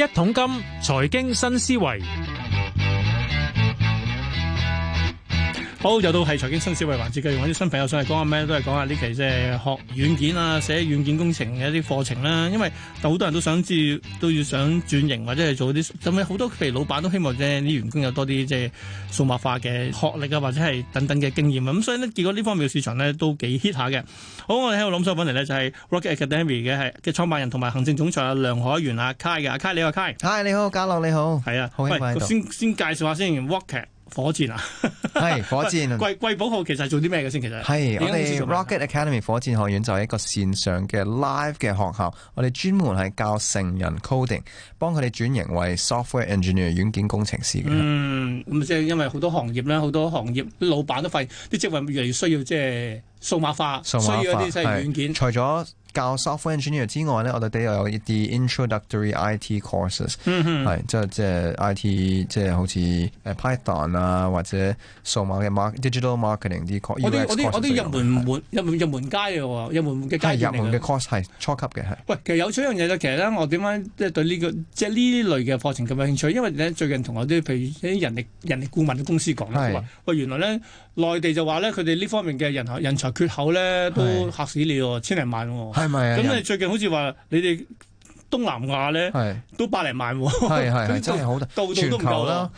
一桶金，財經新思維。好又到係財經新思維環節嘅，揾啲新朋友上嚟講下咩都係講下呢期即係學軟件啊，寫軟件工程嘅一啲課程啦。因為好多人都想知都要想轉型，或者係做啲咁樣好多。譬如老闆都希望咧啲員工有多啲即係數碼化嘅學歷啊，或者係等等嘅經驗啊。咁所以呢，結果呢方面嘅市場咧都幾 hit 下嘅。好，我哋喺度諗首問題咧，就係 Rocket Academy 嘅係嘅創辦人同埋行政總裁阿梁凱源啊 Kai 嘅 Kai，你好 Kai，你好，家樂你好，係啊，好先先介紹下先火箭啊，係 火箭。貴貴寶號其實係做啲咩嘅先？其實係我哋 Rocket Academy 火箭學院就係一個線上嘅 live 嘅學校，我哋專門係教成人 coding，幫佢哋轉型為 software engineer 軟件工程師嘅。嗯，咁即係因為好多行業咧，好多行業老闆都發現啲職位越嚟越需要即係數碼化，數碼需要一啲即係軟件。除咗教 software engineer 之外呢，我哋啲又有一啲 introductory IT courses，係即係即係 IT 即係好似 Python 啊或者數碼嘅 digital marketing 啲 course 我啲啲入門門入門入門階嘅喎，入門嘅階。係入門嘅、啊、course，係初級嘅。喂，其實有趣一樣嘢咧，其實咧我點解即係對呢、呢個即係呢類嘅課程咁有興趣？因為咧最近同我啲譬如啲人力人力顧問嘅公司講，喂，原來呢，內地就話呢，佢哋呢方面嘅人才人才缺口呢都嚇死你喎，千零萬喎、啊。係咪啊？咁你最近好似話你哋東南亞咧，係都百零萬，啊，係係真係好大，全球啦，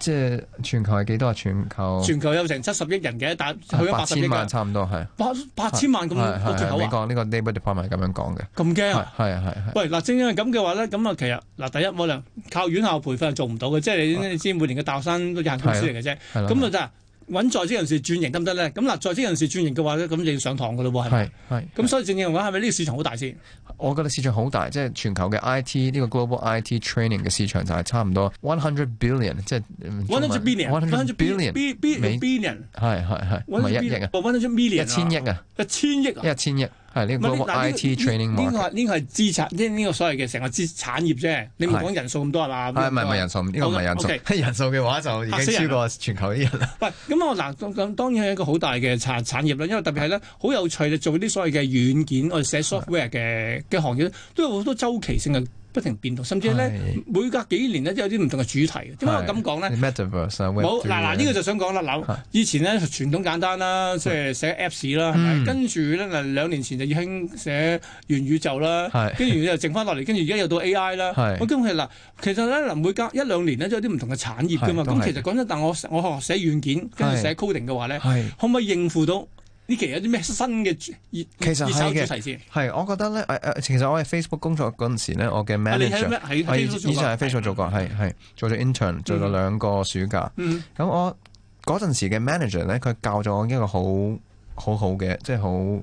即係全球係幾多啊？全球全球，全球有成七十億人嘅，但去咗八千萬差唔多，係八八千萬咁多人口。我講呢個 Labour Department 係咁樣講嘅，咁驚啊？係啊係，喂，嗱，正因為咁嘅話咧，咁啊，其實嗱，第一我哋靠院校培訓係做唔到嘅，即係你知每年嘅大學生都有限公司嚟嘅啫，咁啊就。搵在職人士轉型得唔得咧？咁嗱，在職人士轉型嘅話咧，咁就要上堂噶咯喎，係係係。咁所以正正話係咪呢個市場好大先？我覺得市場好大，即係全球嘅 I T 呢個 global I T training 嘅市場就係差唔多 one hundred billion，即係一萬萬，one hundred billion，美 billion，係係係，唔係一億啊，one hundred million 啊，一千億啊，一千億啊，一千億。係、這、呢個是 IT training 呢、這個呢、這個係、這個這個、資產，呢、這、呢、個這個所謂嘅成個資產業啫。你唔講人數咁多係嘛？係唔係人數？呢個唔係人數。係、這個、人數嘅、oh, okay. 話就已經超過全球啲人啦。唔、啊、咁 我嗱咁當然係一個好大嘅產產業啦。因為特別係咧，好有趣嘅做啲所謂嘅軟件，我哋寫 software 嘅嘅行業都有好多周期性嘅。不停變動，甚至咧每隔幾年咧都有啲唔同嘅主題嘅。點解我咁講咧？Metaverse，好嗱嗱，呢、這個就想講啦。嗱，以前咧傳統簡單啦，即係寫 Apps 啦、嗯，跟住咧嗱，兩年前就已經寫元宇宙啦，跟住又剩翻落嚟，跟住而家又到 AI 啦，我根本係嗱，其實咧嗱，每隔一兩年咧都有啲唔同嘅產業噶嘛。咁、嗯、其實講真，但我我學寫軟件，跟住寫 coding 嘅話咧，可唔可以應付到？呢期有啲咩新嘅其熱手主題先？係，我覺得咧，誒誒，其實我喺 Facebook 工作嗰陣時咧，我嘅 manager，係我以前喺 Facebook 做過，係係做咗 intern，做咗兩個暑假。咁、嗯、我嗰陣時嘅 manager 咧，佢教咗我一個好好好好好嘅，即係好。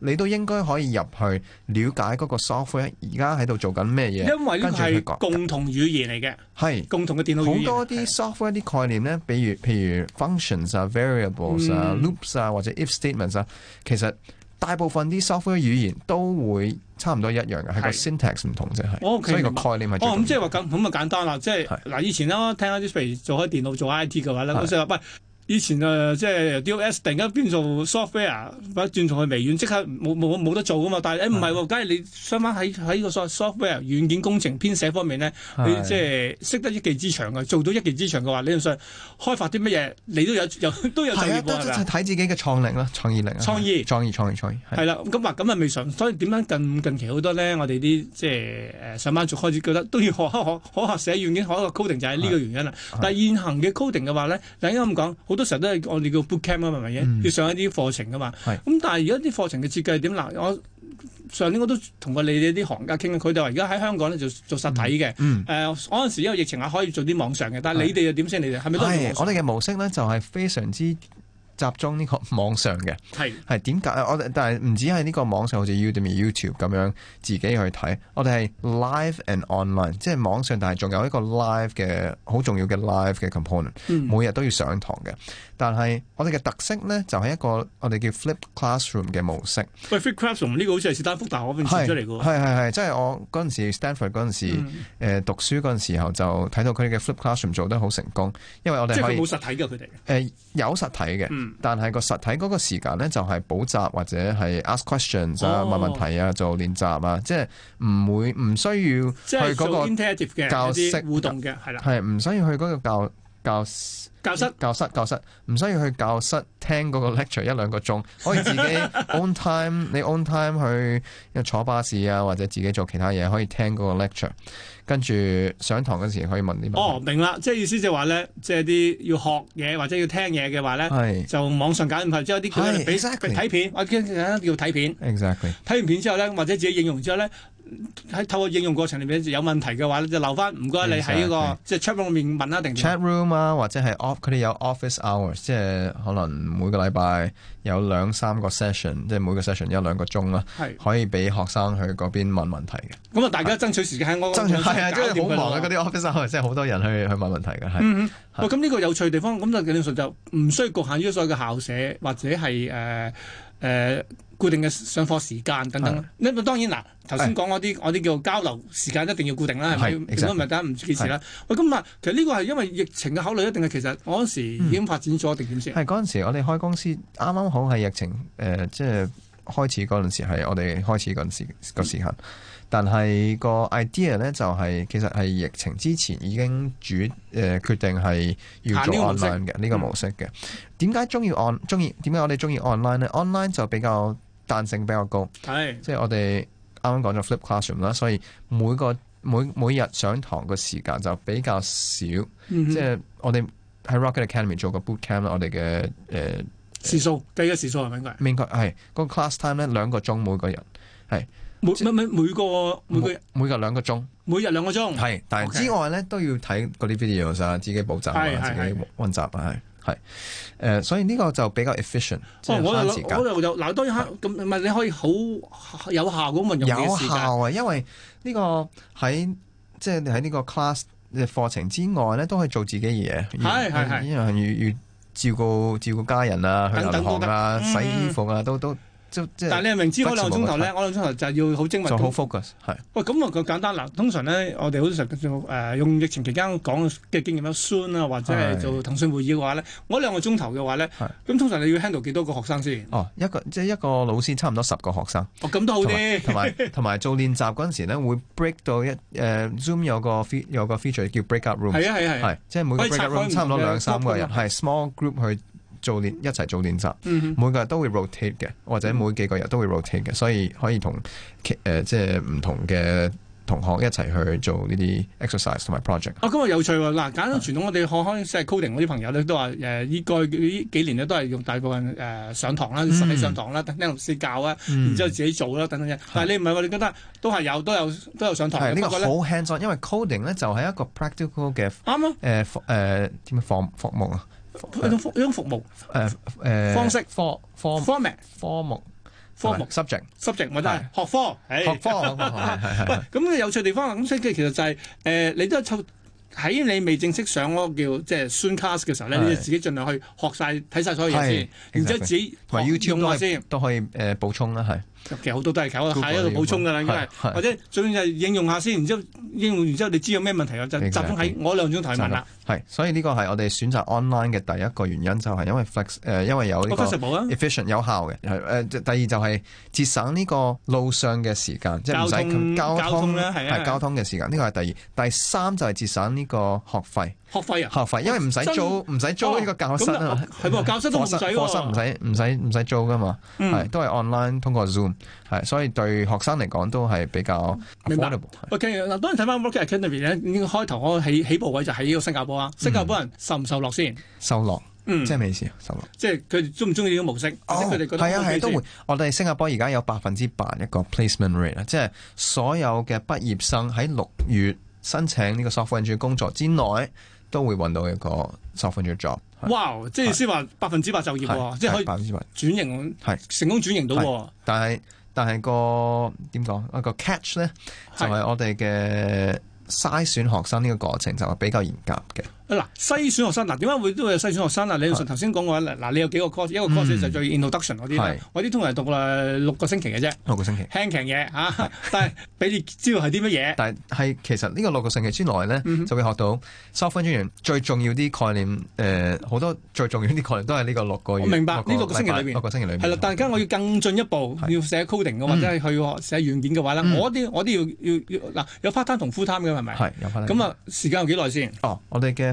你都應該可以入去了解嗰個 software 而家喺度做緊咩嘢？因為呢個係共同語言嚟嘅，係共同嘅電腦語言。好多啲 software 啲概念咧，比如譬如 functions 啊、variables 啊、嗯、loops 啊或者 if statements 啊，其實大部分啲 software 語言都會差唔多一樣嘅，係個、就是、syntax 唔同啫，係、哦。所以其實個概念係。哦，咁即係話咁咁啊簡單啦，即係嗱以前啦，聽一啲譬如做開電腦做 IT 嘅話咧，我成日以前啊，即、呃、係、就是、DOS，突然間變做 software，把轉從去微軟，即刻冇冇冇得做㗎嘛。但係誒唔係喎，梗、欸、係、啊、你上班喺喺個 software 軟件工程編寫方面咧，你即係識得一技之長嘅，做到一技之長嘅話，理論上開發啲乜嘢你都有都有第二波嘅。睇、啊、自己嘅創力啦，創意力創意啊，創意，創意，創意，創意、啊。係啦、啊，咁話咁咪未上，所以點樣近近期好多咧，我哋啲即係誒上班族開始覺得都要學一學學下寫軟件，學一個 coding 就係呢個原因啦。但係現行嘅 coding 嘅話咧，等間咁講好多時候都係我哋叫 bootcamp 啊，係咪嘢？要上一啲課程噶嘛。咁、嗯、但係而家啲課程嘅設計係點？嗱，我上年我都同過你哋啲行家傾，佢哋話而家喺香港咧就做實體嘅。誒、嗯，嗰、嗯、陣、呃、時因為疫情啊，可以做啲網上嘅。但係你哋又點先？你哋係咪都係？我哋嘅模式咧就係非常之。集中呢個網上嘅，係係點解？我哋但係唔止係呢個網上，好似 Udemy、YouTube 咁樣自己去睇。我哋係 live and online，即係網上，但係仲有一個 live 嘅好重要嘅 live 嘅 component、嗯。每日都要上堂嘅。但係我哋嘅特色呢，就係、是、一個我哋叫 Flip Classroom 嘅模式。喂，Flip Classroom 呢個好似係斯坦福大學邊傳出嚟㗎？係係係，即係、就是、我嗰陣時 Stanford 嗰陣時誒、嗯、讀書嗰時候就睇到佢哋嘅 Flip Classroom 做得好成功，因為我哋即係佢冇實體嘅。佢哋誒有實體嘅。但係個實體嗰個時間咧，就係補習或者係 ask questions、哦、啊，問問題啊，做練習啊，即係唔會唔需要去嗰個教室互動嘅，係啦，係唔需要去嗰個教。教室、教室、教室、教室，唔需要去教室聽嗰個 lecture 一兩個鐘，可以自己 on time， 你 on time 去坐巴士啊，或者自己做其他嘢，可以聽嗰個 lecture，跟住上堂嗰時可以問啲問題。哦，明啦，即係意思就話咧，即係啲要學嘢或者要聽嘢嘅話咧，就網上揀，exactly，或者有啲叫你俾曬佢睇片，或者叫睇片。Exactly。睇完片之後咧，或者自己應用之後咧。喺透過應用過程入面，有問題嘅話你就留翻唔該你喺呢、呢個即係 chatroom 入面問一定 chat room 啊，或者係 off 佢哋有 office hours，即係可能每個禮拜有兩三個 session，即係每個 session 一兩個鐘啦，可以俾學生去嗰邊問問題嘅。咁啊，問問大家爭取時間，我爭取係啊，因為好忙啊，嗰啲 office hours 係好多人去去問問題嘅，係。咁、嗯、呢、嗯、個有趣的地方，咁就簡訊就唔需要局限於所有嘅校舍或者係誒。呃誒、呃、固定嘅上課時間等等啦、嗯，當然嗱，頭先講嗰啲我啲叫交流時間一定要固定啦，係、嗯、咪？如果唔係得唔幾時啦？喂，咁、exactly. 哦、其實呢個係因為疫情嘅考慮，一定係其實我嗰時已經發展咗定點先。係、嗯、嗰陣時，我哋開公司啱啱好係疫情誒、呃，即係開始嗰陣時，係我哋開始嗰陣時個但係個 idea 咧就係其實係疫情之前已經主誒決定係要做 online 嘅呢個模式嘅。點解中意 on 中意點解我哋中意 online 咧？online 就比較彈性比較高，係即係我哋啱啱講咗 flip classroom 啦。所以每個每每日上堂嘅時間就比較少，即、嗯、係、就是、我哋喺 Rocket Academy 做個 boot camp 我哋嘅誒時數計嘅時數係咪㗎？明確係個 class time 咧兩個鐘每個人係。每咩每，每個每個每日兩個鐘，每日兩個鐘係，但係之外咧、okay. 都要睇嗰啲 videos 啊，自己補習啊，自己溫習啊，係係，誒、嗯，所以呢個就比較 efficient，即係慳時間我又嗱，當然咁唔係，啊、你可以好有效咁用的有效啊，因為呢個喺即係喺呢個 class 嘅課程之外咧，都可以做自己嘢，係係係，要要，要照顧照顧家人啊，去銀行啊等等，洗衣服啊，都、嗯、都。都就是、但你係明知嗰兩鐘頭咧，嗰兩鐘頭就要好精密，好 focus 係，喂，咁啊好簡單嗱，通常咧我哋好常用疫情期間講嘅經驗啦 Zoom 啊或者係做騰訊會議嘅話咧，嗰兩個鐘頭嘅話咧，咁通常你要 handle 幾多個學生先？哦，一個即係一個老師差唔多十個學生。咁、哦、都好啲，同埋同埋做練習嗰陣時咧 會 break 到一、呃、Zoom 有一個 feature 有個 feature 叫 break up room，即係、就是、每個 room 差唔多兩三個人、啊、，small group 去。一做練一齊做練習，每個人都會 rotate 嘅，或者每幾個人都會 rotate 嘅，所以可以同、呃、不同誒即係唔同嘅同學一齊去做呢啲 exercise 同埋 project。啊，咁啊有趣喎！嗱，簡單傳統我哋學開即係 coding，我啲朋友咧都話誒，呢個呢幾年咧都係用大部分誒、呃、上堂啦，實際上堂啦，聽老師教啊，然之後自己做啦等等嘅、嗯。但係你唔係我哋覺得都係有，都有都有上堂。係、這個、呢個好輕鬆，因為 coding 咧就係一個 practical 嘅，啱啊，誒誒點樣服服務啊。呃一種服一種服務，誒誒，方式科科目科目科目 subject、subject 學科學科，咁、hey hey, hey, hey, 有趣地方啊！咁所以其實就係、是、誒、呃，你都喺你未正式上嗰叫即係、就是、soon cast 嘅時候咧，你要自己盡量去學晒，睇晒所有嘢，然之後自己同埋 YouTube 都可以誒、呃、補充啦，係。其實好多都係靠下一度補充噶啦，應該係或者主要就應用下先，然之後應用，完之後你知道有咩問題啊？就集中喺我兩種提問啦。係，所以呢個係我哋選擇 online 嘅第一個原因，就係、是、因為 flex，誒、呃，因為有個 efficient 有效嘅。係、呃、誒，第二就係節省呢個路上嘅時間，即係唔使交通交通咧係交通嘅時間。呢、這個係第二，第三就係節省呢個學費。學費啊，學費，因為唔使租，唔使租呢個教室、哦、啊，係喎，教室都唔使喎，課室唔使，唔使，唔、啊、使租噶嘛，係、嗯、都係 online 通過 Zoom，係，所以對學生嚟講都係比較。明白。嗱，okay，當然睇翻 Rocket Academy 咧，開頭我起起步位就喺呢個新加坡啊，新加坡人受唔受落先、嗯受落嗯？受落，即係咩意思啊？受落，即係佢哋中唔中意呢個模式，或者佢哋覺得會幾係啊，係、啊、都會。我哋新加坡而家有百分之八一個 Placement Rate 啦，即係所有嘅畢業生喺六月申請呢個 Software Engineer 工作之內，都會揾到一個 software 嘅 job。哇、wow！即係意思話百分之百就業喎，啊，即係可以百分之百轉型，係成功轉型到，啊。但係但係個點講啊個 catch 咧，就係、是、我哋嘅篩選學生呢個過程就係比較嚴格嘅。嗱，篩選學生嗱點解會都有篩選學生啊？你頭先講過嗱，你有幾個 course，一個 course 就係最在 introduction 嗰啲，我啲通常讀啦六個星期嘅啫，六個星期輕強嘢嚇，啊、 但係俾你知道係啲乜嘢。但係其實呢個六個星期之內咧、嗯，就會學到 software 最重要啲概念，誒、呃、好多最重要啲概念都係呢個六個月我明白呢六個星期裏邊，六個星期裏邊係啦，但係而家我要更進一步，要寫 coding 嘅或者係去寫軟件嘅話咧、嗯，我啲我啲要要嗱有 part time 同 full time 嘅係咪？係有 part time 咁啊，時間有幾耐先？哦，我哋嘅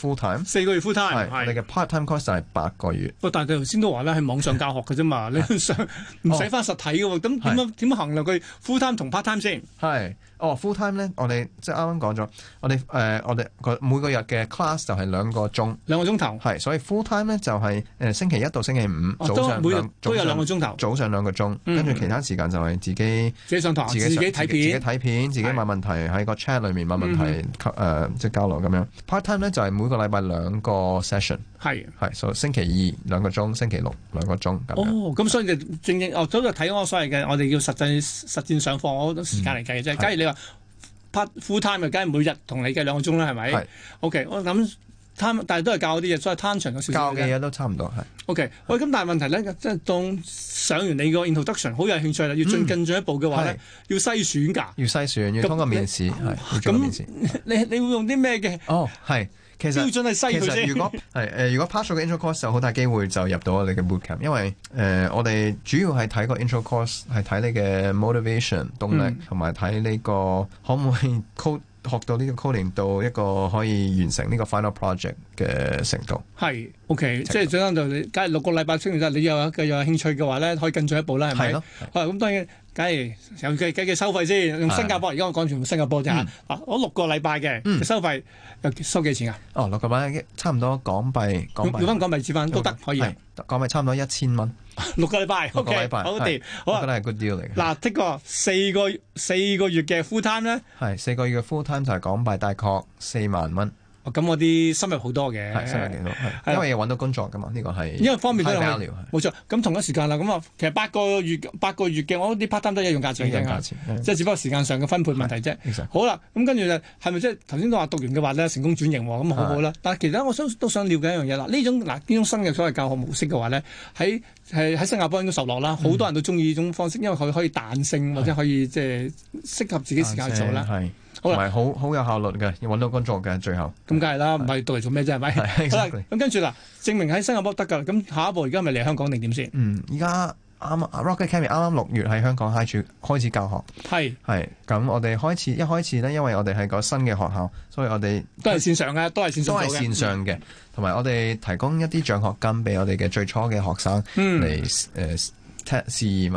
full time 四個月 full time，係你嘅 part time course 係八個月。哦，但係佢頭先都話咧係網上教學嘅啫嘛， 你上唔使翻實體嘅喎，咁、哦、點樣點樣衡量佢 full time 同 part time 先？係，哦 full time 咧，我哋即係啱啱講咗，我哋誒、呃、我哋每個日嘅 class 就係兩個鐘，兩個鐘頭。係，所以 full time 咧就係、是、誒、呃、星期一到星期五、哦、早上都，每日都有兩個鐘頭、嗯，早上兩個鐘、嗯，跟住其他時間就係自己自己上堂，自己睇片，自己睇片，自己問問題喺個 chat 裏面問問題，誒即係交流咁樣。part time 咧、嗯、就係、是、每每個禮拜兩個 session，係係、啊，所以星期二兩個鐘，星期六兩個鐘咁、哦嗯嗯嗯嗯、所以就正正哦，早就睇我所謂嘅，我哋要實際實戰上課嗰種時間嚟計嘅啫。假如你話 part、啊、full time，又梗係每日同你計兩個鐘啦，係咪？O K，我諗 time，但係都係教啲嘢，所以攤長咗少少而已而已。教嘅嘢都差唔多係。O K，喂，咁、okay, 啊、但係問題咧，即、就、係、是、當上完你個 introduction，好有興趣啦，要進更進一步嘅話咧、嗯，要篩選噶、啊。要篩選，要通過面試、啊，要通過面試。 你你會用啲咩嘅？哦，係、啊。其實標準係細係誒，如果 pass 咗嘅 intro course 就好大機會就入到我哋嘅 boot camp，因為誒、呃、我哋主要係睇個 intro course 係睇你嘅 motivation 動力，同埋睇呢個可唔可以學學到呢個 coding 到一個可以完成呢個 final project 嘅程度。係，OK，即係簡單就你，六個禮拜聽完你，你有，有有興趣嘅話咧，可以更進一步啦，係咪？啊，咁當然。梗係有計計佢收費先，用新加坡而家我講全部新加坡啫嚇，嗯啊。我六個禮拜嘅收費，收幾錢啊？哦，六個禮拜差唔多港幣港幣。六蚊港幣折返都得，okay，可以。港幣差唔多一千蚊。六個禮拜，OK，好啲，okay，好啊。我覺得係 good deal 嚟嘅。嗱，呢個四個四個月嘅 full time 咧，係四個月嘅 full time 就係港幣大概四萬蚊。咁我啲深入好多嘅，係因為要揾到工作噶嘛，呢、呢個係因為方便都係，冇錯。咁同一時間啦，咁啊，其實八個月八個月嘅，我啲 part time 都一樣價錢嘅，即係只不過時間上嘅分配問題啫。好啦，咁跟住就係咪即係頭先都話讀完嘅話呢，成功轉型咁好好啦。但係其實我想都想了解一樣嘢啦，呢種嗱呢種新嘅所謂教學模式嘅話呢，喺喺新加坡應該受落啦，好、嗯、多人都中意呢種方式，因為佢可以彈性或者可以即係、就是、適合自己時間去做啦。同埋好有好，好有效率嘅，要揾到工作嘅最後。咁梗係啦，唔係讀嚟做咩啫？係咪？咁跟住啦，證明喺新加坡得㗎。咁下一步而家咪嚟香港定點先？嗯，而家啱 Rocket Academy 啱啱六月喺香港開住開始教學。係係咁，咁我哋開始一開始呢，因為我哋係個新嘅學校，所以我哋都係線上嘅，都係線上嘅，都係線上嘅。同、嗯、埋我哋提供一啲獎學金俾我哋嘅最初嘅學生嚟誒。嗯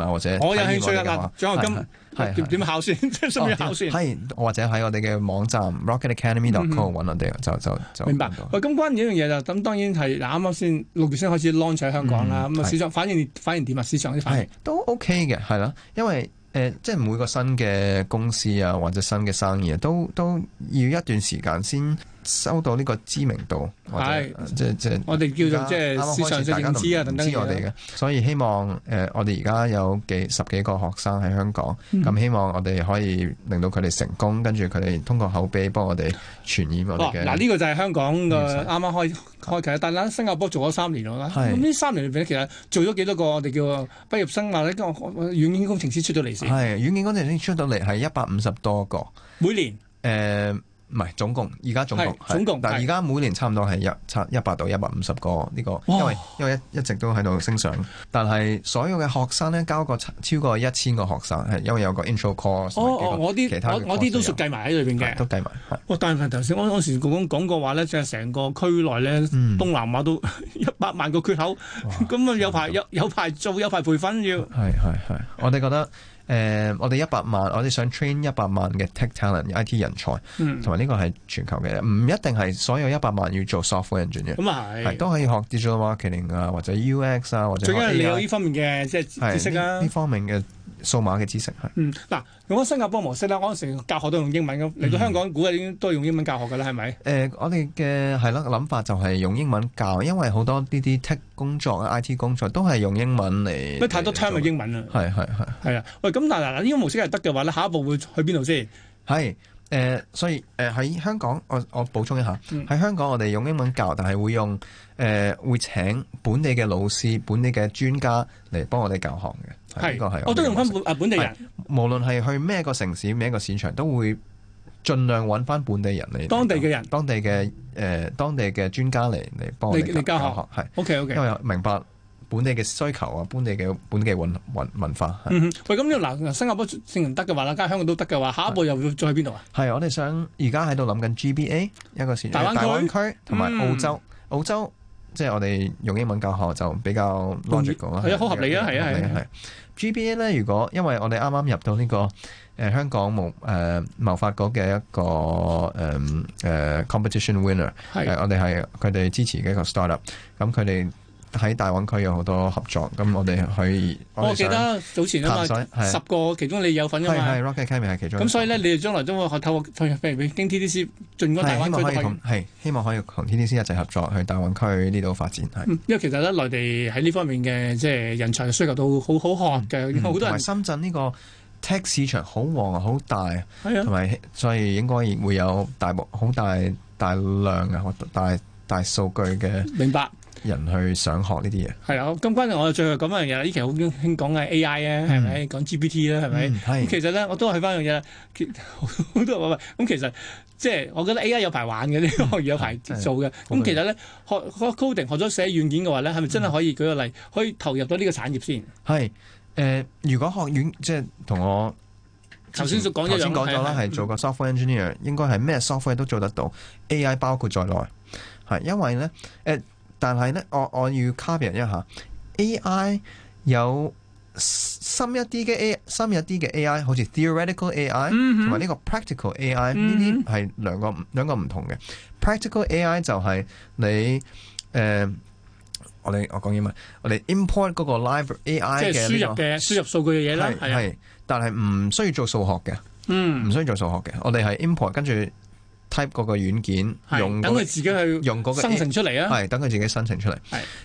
或者我、哦、有興趣的啊。咁點點考先？即係順便考先係或者喺我哋嘅網站 Rocket Academy dot com 揾我哋、嗯、就就就明白。喂、嗯，咁、嗯、關鍵一樣嘢就咁，當然係嗱啱啱先六月先開始 launch 喺香港啦。咁、嗯、啊、嗯，市場反應反應點啊？市場啲反應都 OK 嘅，係啦。因為誒、呃，即係每個新嘅公司啊，或者新嘅生意啊，都都要一段時間先。收到呢個知名度，係即即我哋叫做即市場認知啊，等等嘅、啊。所以希望誒、呃，我哋而家有幾十幾個學生喺香港，咁、嗯、希望我哋可以令到佢哋成功，跟住佢哋通過口碑幫我哋傳染我哋嘅。嗱、哦、呢、啊呢個就係香港嘅啱啱開開啟，但新加坡做咗三年啦。咁呢三年裏邊其實做咗幾多個我哋叫畢業生啊？咧，軟件工程師出到嚟先係軟件工程師出到嚟，係一百五十多個每年誒。呃唔係總共，而家總，總共，但係而家每年差唔多係一七一百到一百五十個呢、呢個、哦，因為因為一一直都喺度升上。 但係所有嘅學生咧，交過超過一千個學生係 因為有個 intro course、哦哦哦個。我啲我我啲都算計埋喺裏邊嘅，都計埋、哦。但係頭先我當時講講過話咧，即係成個區內咧、嗯，東南亞都一百 萬個缺口，咁啊 有排有有排做有排培訓要。係係係。我哋覺得。呃、我哋一百萬，我哋想 train 一百萬嘅 tech talent、IT 人才，同埋呢個係全球嘅，唔一定係所有一百萬要做 software e engineer 係。嗯，係都可以學 digital marketing 啊，或者 UX 或者 A，有有啊，或者。最緊要你有呢方面嘅即係知識啦。呢方面嘅。數碼嘅知識係。嗯，嗱用咗新加坡模式啦。嗰陣時教學都用英文，咁嚟到香港，嗯、估計已經都係用英文教學嘅啦，係咪？誒、呃，我哋嘅係咯，諗法就係用英文教，因為好多呢啲 tech 工作啊、IT 工作都係用英文嚟。太多 term 嘅英文啦。係係係。係啊，喂，咁但係嗱呢個模式係得嘅話咧，下一步會去邊度先？係誒、呃，所以誒喺、呃、香港，我我補充一下，喺、嗯、香港我哋用英文教，但係會用誒、呃、會請本地嘅老師、本地嘅專家嚟幫我哋教學嘅。係，我、這個哦，這個、都用翻本本地人。係無論係去咩個城市，咩個市場，都會盡量揾翻本地人嚟。當地嘅人，當地嘅誒、呃，當地嘅專家嚟嚟幫嚟教、教學。係，OK OK。因為明白本地嘅需求啊，本地嘅本地文文文化。嗯，喂，咁你嗱新加坡先人得嘅話，啦，咁香港都得嘅話，下一步又要再去邊度啊？係，我哋想而家喺度諗緊 G B A 一個市場，大灣區同埋澳洲、嗯，澳洲。即係我哋用英文教學就比較 logical 啊、嗯，啊，好合理啊，係啊，係啊，GBA 咧，如果因為我哋啱啱入到呢、這個、呃、香港貿誒貿發局嘅一個、呃、competition winner，是、呃、我哋係佢哋支持嘅一個 startup，咁佢哋。喺大灣區有好多合作，咁我哋可以。我記得早前啊十個其中你有份噶嘛。係 Rocket Academy 係其中一個。咁所以呢，你哋將來都會透過譬如經 TDC 進嗰大灣區都係希望可以同 TDC 一齊合作，去大灣區呢度發展。因為其實咧，內地喺呢方面嘅即係人才嘅需求都好好看嘅，好、嗯、多人。人、嗯、深圳呢個 tech 市場好旺啊，好大。同埋所以應該會有大部好大大量嘅、大大，大數據嘅。明白。人去想學呢啲嘢係啊。咁關鍵我哋最後講一樣嘢啦。依期好興講嘅 A I 咧，係、嗯、咪講 G P T 咧？係、嗯、咪其實咧，我都係翻一樣嘢，好咁、嗯、其實即係我覺得 A I 有排玩嘅，呢學有排做嘅。咁、嗯、其實咧，學學 coding 學咗寫軟件嘅話咧，係咪真係可以、嗯、舉個例，可以投入到呢個產業先？係誒、呃，如果學院即係同我頭先所講一樣，頭先講咗啦，係做個 software engineer、嗯、應該係咩 software 都做得到，A I 包括在內。係因為咧，誒、欸。但係咧，我我要 caveat 一下 AI 有深一啲嘅 A，深一啲嘅 AI，好似 theoretical AI 同埋呢個 practical AI 呢啲係兩個兩個唔同嘅。practical AI 就係你誒、呃，我哋我講英文，我哋 import 嗰個 live AI 嘅輸入嘅、這個、輸入數據嘅嘢啦，係啊，但係唔需要做數學嘅，嗯，唔需要做數學嘅，我哋係 import 跟住。type 嗰個軟件用、那個，等佢自己去生成用嗰個生成出嚟啊！係等佢自己生成出嚟。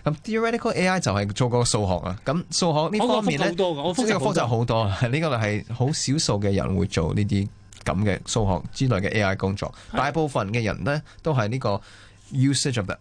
咁 theoretical AI 就係做個數學啊！咁數學呢方面好多，多，係個科就好多。呢個係好少數嘅人會做呢啲咁嘅數學之類嘅 AI 工作。大部分嘅人呢，都係呢個 usage of the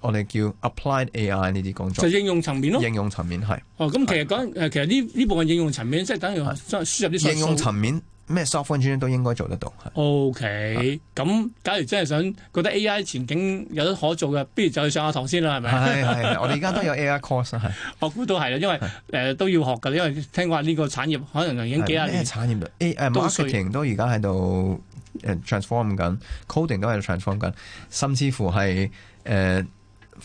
我哋叫 applied AI 呢啲工作。就應用層面咯，應用層面係。咁、哦、其實講其實呢呢部分應用層面，即係、就是、等於輸入啲數。應用層面。咩 software 專員都應該做得到。OK，咁、嗯、假如真係想覺得 AI 前景有得可做嘅，不如就去上下堂先啦，係咪？係係，我哋而家都有 AI course， 我估都係啦，因為誒、呃、都要學嘅，因為聽話呢個產業可能已經幾廿年。咩產業？A 誒 marketing 都而家喺度誒 transform 緊，coding 都喺度 transform 緊，甚至乎係誒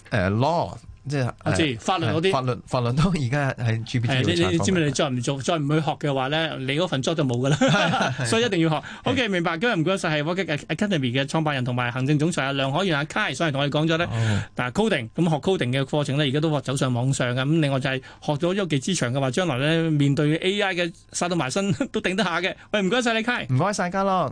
誒 law。即係我法律嗰啲法律法律都而家係 G P。你你知唔知？你再唔做再唔去學嘅話咧，你嗰份 job 就冇噶啦，啊、 所以一定要學。啊 okay, 啊、OK，明白。今日唔該晒係我嘅 Academy 嘅創辦人同埋行政總裁梁可阿梁凱源阿 Kay 上嚟同我哋講咗咧。但係 coding 咁、嗯、學 coding 嘅課程咧，而家都話走上網上嘅。咁另外就係學咗一技之長嘅話，將來咧面對 A I 嘅殺到埋身都頂得下嘅。喂，唔該晒你 Kay 唔該晒嘉樂。